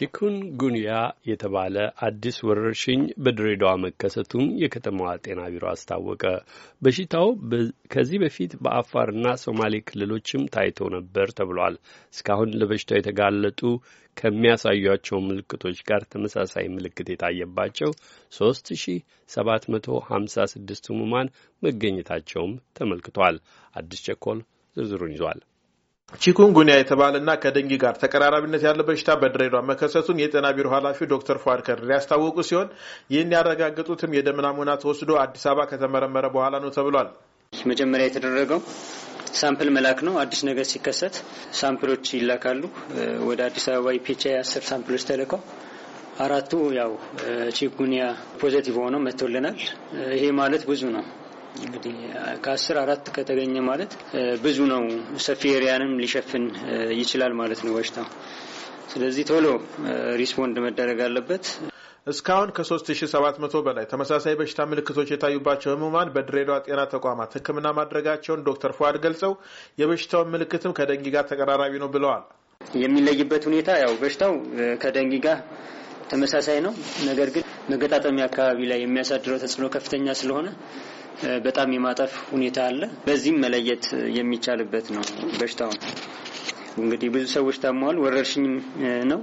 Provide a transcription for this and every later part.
ቺኩንጉንያ የተባለ አዲስ ወረርሽኝ በድሬዳዋ መከሰቱን የከተማዋ ጤና ቢሮ አስታወቀ። በሽታው ከዚህ በፊት በአፋርና ሶማሌ ክልሎችም ታይቶ ነበር ተብሏል። እስካሁን ለበሽታው የተጋለጡ ከሚያሳዩቸው ምልክቶች ጋር ተመሳሳይ ምልክት የታየባቸው 3756 ህሙማን መገኘታቸውም ተመልክቷል። አዲስ ቸኮል ዝርዝሩን ይዟል። ቺኩንጉኒያ የተባለና ከደንጊ ጋር ተቀራራቢነት ያለ በሽታ በድሬዳዋ መከሰቱን የጤና ቢሮ ኃላፊው ዶክተር ፏድ ከድር ያስታወቁ ሲሆን ይህን ያረጋገጡትም የደም ናሙና ተወስዶ አዲስ አበባ ከተመረመረ በኋላ ነው ተብሏል። መጀመሪያ የተደረገው ሳምፕል መላክ ነው። አዲስ ነገር ሲከሰት ሳምፕሎች ይላካሉ ወደ አዲስ አበባ ኢፒቻ የአስር ሳምፕሎች ተልከው አራቱ ያው ቺኩንያ ፖዘቲቭ ሆነው መጥቶልናል። ይሄ ማለት ብዙ ነው። እንግዲህ ከአስር አራት ከተገኘ ማለት ብዙ ነው። ሰፊ ኤሪያንም ሊሸፍን ይችላል ማለት ነው በሽታው። ስለዚህ ቶሎ ሪስፖንድ መደረግ አለበት። እስካሁን ከ3700 በላይ ተመሳሳይ በሽታ ምልክቶች የታዩባቸው ህሙማን በድሬዳዋ ጤና ተቋማት ሕክምና ማድረጋቸውን ዶክተር ፏድ ገልጸው የበሽታውን ምልክትም ከደንጊ ጋር ተቀራራቢ ነው ብለዋል። የሚለይበት ሁኔታ ያው በሽታው ከደንጊ ጋር ተመሳሳይ ነው። ነገር ግን መገጣጠሚያ አካባቢ ላይ የሚያሳድረው ተጽዕኖ ከፍተኛ ስለሆነ በጣም የማጠፍ ሁኔታ አለ። በዚህም መለየት የሚቻልበት ነው። በሽታው እንግዲህ ብዙ ሰዎች ታመዋል። ወረርሽኝ ነው።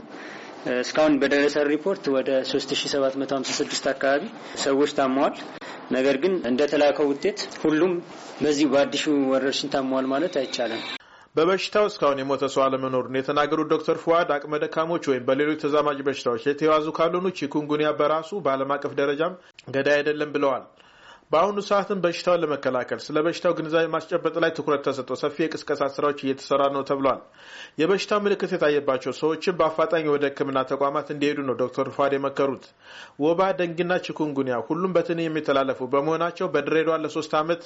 እስካሁን በደረሰ ሪፖርት ወደ 3756 አካባቢ ሰዎች ታመዋል። ነገር ግን እንደተላከው ውጤት ሁሉም በዚህ በአዲሱ ወረርሽኝ ታመዋል ማለት አይቻልም። በበሽታው እስካሁን የሞተ ሰው አለመኖሩን የተናገሩት ዶክተር ፍዋድ አቅመ ደካሞች ወይም በሌሎች ተዛማጅ በሽታዎች የተያዙ ካልሆኑ ቺኩንጉኒያ በራሱ በዓለም አቀፍ ደረጃም ገዳይ አይደለም ብለዋል። በአሁኑ ሰዓትም በሽታውን ለመከላከል ስለ በሽታው ግንዛቤ ማስጨበጥ ላይ ትኩረት ተሰጥቶ ሰፊ የቅስቀሳ ስራዎች እየተሰራ ነው ተብሏል። የበሽታው ምልክት የታየባቸው ሰዎችም በአፋጣኝ ወደ ሕክምና ተቋማት እንዲሄዱ ነው ዶክተር ፋድ የመከሩት። ወባ፣ ደንግና ችኩንጉኒያ ሁሉም በትን የሚተላለፉ በመሆናቸው በድሬዳዋ ለሶስት ዓመት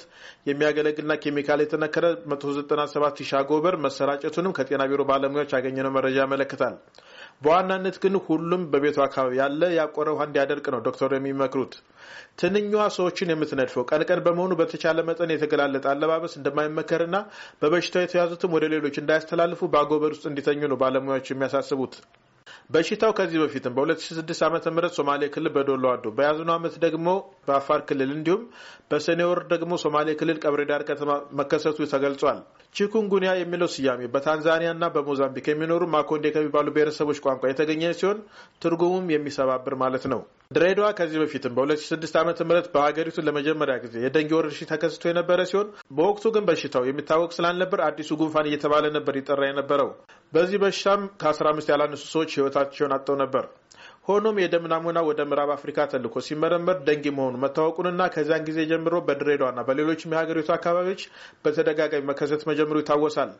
የሚያገለግልና ኬሚካል የተነከረ 197 ሺህ አጎበር መሰራጨቱንም ከጤና ቢሮ ባለሙያዎች ያገኘነው መረጃ ያመለክታል። በዋናነት ግን ሁሉም በቤቱ አካባቢ ያለ ያቆረ ውሃ እንዲያደርቅ ነው ዶክተሩ የሚመክሩት። ትንኛዋ ሰዎችን የምትነድፈው ቀን ቀን በመሆኑ በተቻለ መጠን የተገላለጠ አለባበስ እንደማይመከርና በበሽታው የተያዙትም ወደ ሌሎች እንዳያስተላልፉ በአጎበር ውስጥ እንዲተኙ ነው ባለሙያዎች የሚያሳስቡት። በሽታው ከዚህ በፊትም በ2006 ዓ ም ሶማሌ ክልል በዶሎ አዶ በያዝነው ዓመት ደግሞ በአፋር ክልል እንዲሁም በሰኔ ወር ደግሞ ሶማሌ ክልል ቀብሬ ዳር ከተማ መከሰቱ ተገልጿል። ቺኩንጉኒያ የሚለው ስያሜ በታንዛኒያና በሞዛምቢክ የሚኖሩ ማኮንዴ ከሚባሉ ብሔረሰቦች ቋንቋ የተገኘ ሲሆን ትርጉሙም የሚሰባብር ማለት ነው። ድሬዳዋ ከዚህ በፊትም በ2006 ዓ ም በሀገሪቱ ለመጀመሪያ ጊዜ የደንጌ ወረርሽኝ ተከስቶ የነበረ ሲሆን በወቅቱ ግን በሽታው የሚታወቅ ስላልነበር አዲሱ ጉንፋን እየተባለ ነበር ይጠራ የነበረው። በዚህ በሽታም ከ15 ያላነሱ ሰዎች ህይወታቸውን አጥተው ነበር። ሆኖም የደም ናሙና ወደ ምዕራብ አፍሪካ ተልኮ ሲመረመር ደንግ መሆኑ መታወቁንና ከዚያን ጊዜ ጀምሮ በድሬዳዋና በሌሎችም የሀገሪቱ አካባቢዎች በተደጋጋሚ መከሰት መጀመሩ ይታወሳል።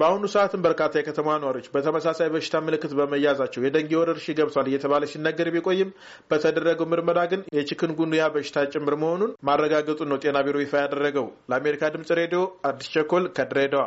በአሁኑ ሰዓትም በርካታ የከተማ ነዋሪዎች በተመሳሳይ በሽታ ምልክት በመያዛቸው የደንጊ ወረርሽኝ ገብቷል እየተባለ ሲነገር ቢቆይም በተደረገው ምርመራ ግን የቺኩንጉንያ በሽታ ጭምር መሆኑን ማረጋገጡን ነው ጤና ቢሮ ይፋ ያደረገው። ለአሜሪካ ድምጽ ሬዲዮ አዲስ ቸኮል ከድሬዳዋ